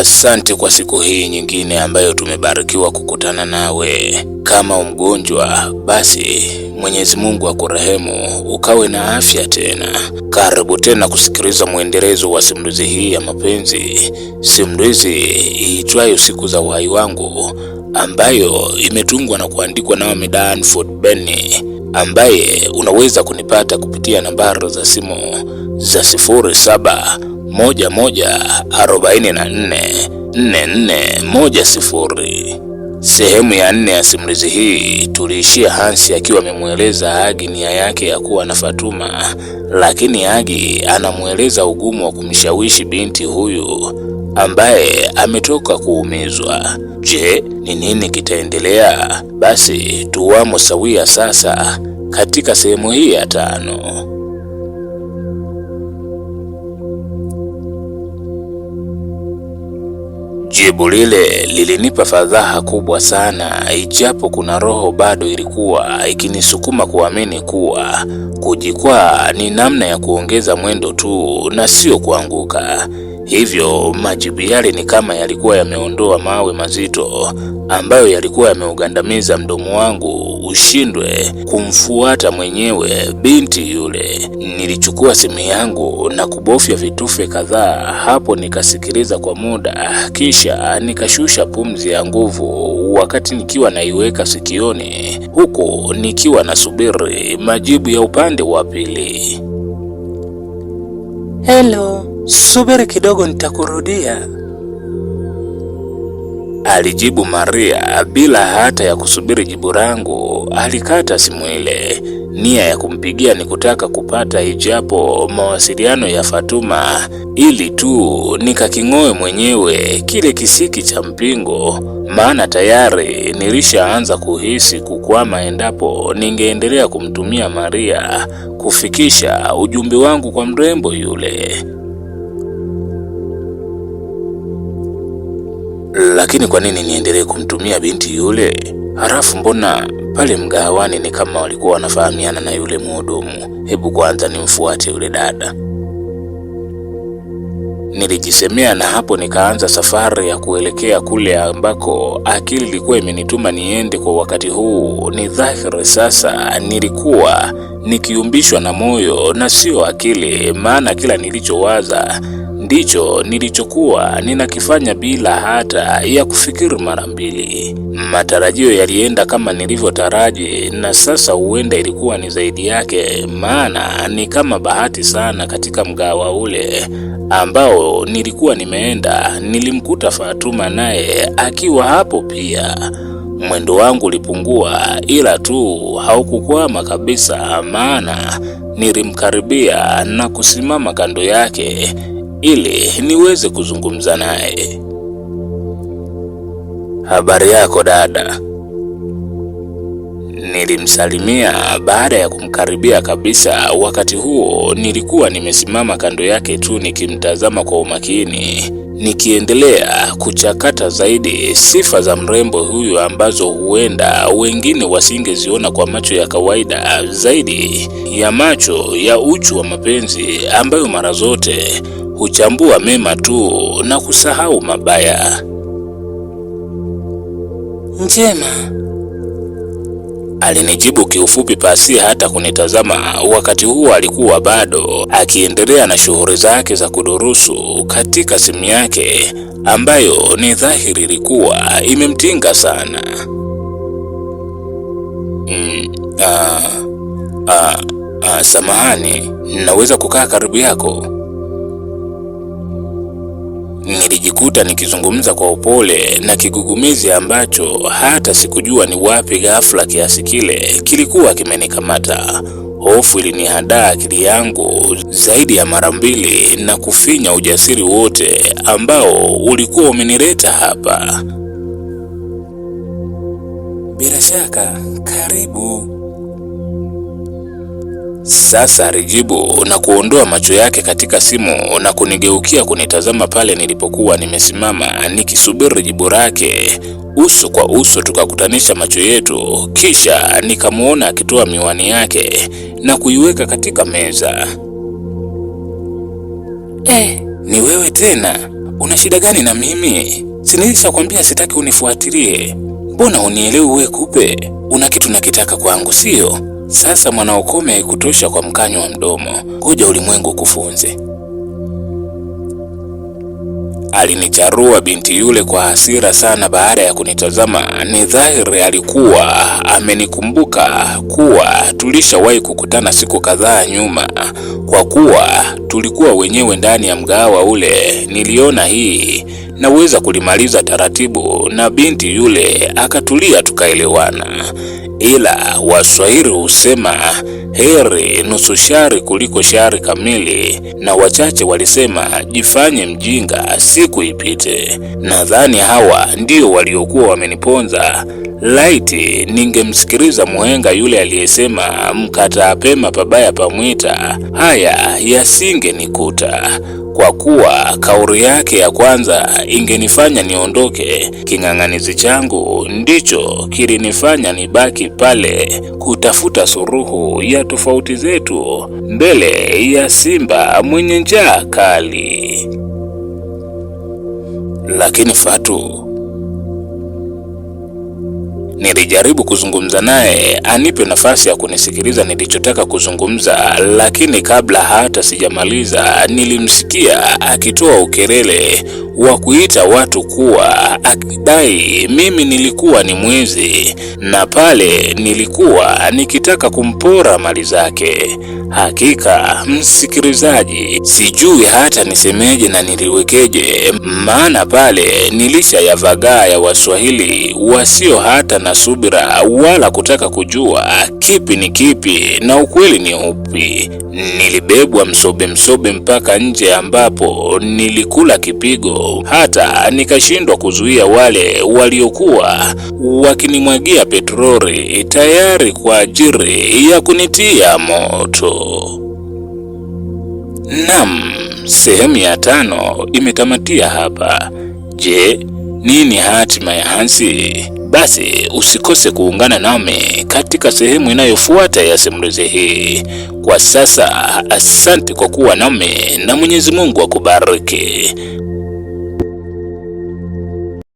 Asante kwa siku hii nyingine ambayo tumebarikiwa kukutana nawe. Kama umgonjwa, basi Mwenyezi Mungu akurehemu ukawe na afya tena. Karibu tena kusikiliza mwendelezo wa simulizi hii ya mapenzi, simulizi iitwayo Siku za Uhai Wangu, ambayo imetungwa na kuandikwa na Danford Beni, ambaye unaweza kunipata kupitia nambari za simu za sifuri saba moja moja arobaini na nne nne nne moja sifuri. Sehemu ya nne ya simulizi hii tuliishia Hansi akiwa amemweleza Agi nia yake ya kuwa na Fatuma, lakini Agi anamweleza ugumu wa kumshawishi binti huyu ambaye ametoka kuumizwa. Je, ni nini kitaendelea? Basi tuwamo sawia sasa katika sehemu hii ya tano. Jibu lile lilinipa fadhaha kubwa sana, ijapo kuna roho bado ilikuwa ikinisukuma kuamini kuwa Kujikwaa ni namna ya kuongeza mwendo tu na sio kuanguka. Hivyo majibu yale ni kama yalikuwa yameondoa mawe mazito ambayo yalikuwa yameugandamiza mdomo wangu ushindwe kumfuata mwenyewe binti yule. Nilichukua simu yangu na kubofya vitufe kadhaa hapo, nikasikiliza kwa muda, kisha nikashusha pumzi ya nguvu wakati nikiwa naiweka sikioni, huku nikiwa nasubiri majibu ya upande upande wa pili. Hello, subiri kidogo nitakurudia. Alijibu Maria bila hata ya kusubiri jibu langu, alikata simu ile. Nia ya kumpigia ni kutaka kupata ijapo mawasiliano ya Fatuma ili tu nikaking'oe mwenyewe kile kisiki cha mpingo, maana tayari nilishaanza kuhisi kukwama endapo ningeendelea kumtumia Maria kufikisha ujumbe wangu kwa mrembo yule. Lakini kwa nini niendelee kumtumia binti yule? Halafu mbona pale mgahawani ni kama walikuwa wanafahamiana na yule mhudumu. Hebu kwanza nimfuate yule dada, nilijisemea, na hapo nikaanza safari ya kuelekea kule ambako akili ilikuwa imenituma niende kwa wakati huu. Ni dhahiri sasa nilikuwa nikiumbishwa na moyo na sio akili, maana kila nilichowaza ndicho nilichokuwa ninakifanya bila hata ya kufikiri mara mbili. Matarajio yalienda kama nilivyotaraji, na sasa huenda ilikuwa ni zaidi yake, maana ni kama bahati sana. Katika mgawa ule ambao nilikuwa nimeenda, nilimkuta Fatuma naye akiwa hapo pia. Mwendo wangu ulipungua, ila tu haukukwama kabisa, maana nilimkaribia na kusimama kando yake ili niweze kuzungumza naye. Habari yako dada, nilimsalimia baada ya kumkaribia kabisa. Wakati huo nilikuwa nimesimama kando yake tu nikimtazama kwa umakini, nikiendelea kuchakata zaidi sifa za mrembo huyu ambazo huenda wengine wasingeziona kwa macho ya kawaida, zaidi ya macho ya uchu wa mapenzi ambayo mara zote huchambua mema tu na kusahau mabaya. Njema, alinijibu kiufupi pasi hata kunitazama. Wakati huo alikuwa bado akiendelea na shughuli zake za kudurusu katika simu yake ambayo ni dhahiri ilikuwa imemtinga sana. Mm, a, ah, a, ah, a, ah, samahani, naweza kukaa karibu yako? Nilijikuta nikizungumza kwa upole na kigugumizi ambacho hata sikujua ni wapi, ghafla kiasi kile kilikuwa kimenikamata. Hofu ilinihadaa akili yangu zaidi ya mara mbili na kufinya ujasiri wote ambao ulikuwa umenileta hapa. Bila shaka, karibu. Sasa alijibu na kuondoa macho yake katika simu na kunigeukia kunitazama pale nilipokuwa nimesimama nikisubiri jibu lake. Uso kwa uso tukakutanisha macho yetu, kisha nikamwona akitoa miwani yake na kuiweka katika meza. Eh, ni wewe tena? Una shida gani na mimi? Si nilishakwambia sitaki unifuatilie? Mbona unielewi? Wewe kupe, una kitu nakitaka kwangu, sio? Sasa mwanaokome haikutosha kwa mkanyo wa mdomo, kuja ulimwengu kufunze. Alinicharua binti yule kwa hasira sana. Baada ya kunitazama, ni dhahiri alikuwa amenikumbuka kuwa tulishawahi kukutana siku kadhaa nyuma, kwa kuwa tulikuwa wenyewe ndani ya mgahawa ule. Niliona hii naweza kulimaliza taratibu, na binti yule akatulia, tukaelewana. Ila Waswahili husema heri nusu shari kuliko shari kamili, na wachache walisema jifanye mjinga siku ipite. Nadhani hawa ndio waliokuwa wameniponza. Laiti ningemsikiliza mhenga yule aliyesema mkata pema pabaya pamwita, haya yasingenikuta kwa kuwa kauri yake ya kwanza ingenifanya niondoke. King'ang'anizi changu ndicho kilinifanya nibaki pale kutafuta suruhu ya tofauti zetu mbele ya simba mwenye njaa kali. Lakini Fatu Nilijaribu kuzungumza naye anipe nafasi ya kunisikiliza nilichotaka kuzungumza, lakini kabla hata sijamaliza, nilimsikia akitoa ukelele wa kuita watu kuwa akidai mimi nilikuwa ni mwizi na pale nilikuwa nikitaka kumpora mali zake. Hakika msikilizaji, sijui hata nisemeje na niliwekeje, maana pale nilisha yavagaa ya Waswahili wasio hata na na subira wala kutaka kujua kipi ni kipi na ukweli ni upi. Nilibebwa msobe msobe mpaka nje, ambapo nilikula kipigo hata nikashindwa kuzuia wale waliokuwa wakinimwagia petroli tayari kwa ajili ya kunitia moto. Naam, sehemu ya tano imetamatia hapa. Je, nini hatima ya Hansi? Basi usikose kuungana nami katika sehemu inayofuata ya simulizi hii. Kwa sasa, asante kwa kuwa nami na Mwenyezi Mungu akubariki.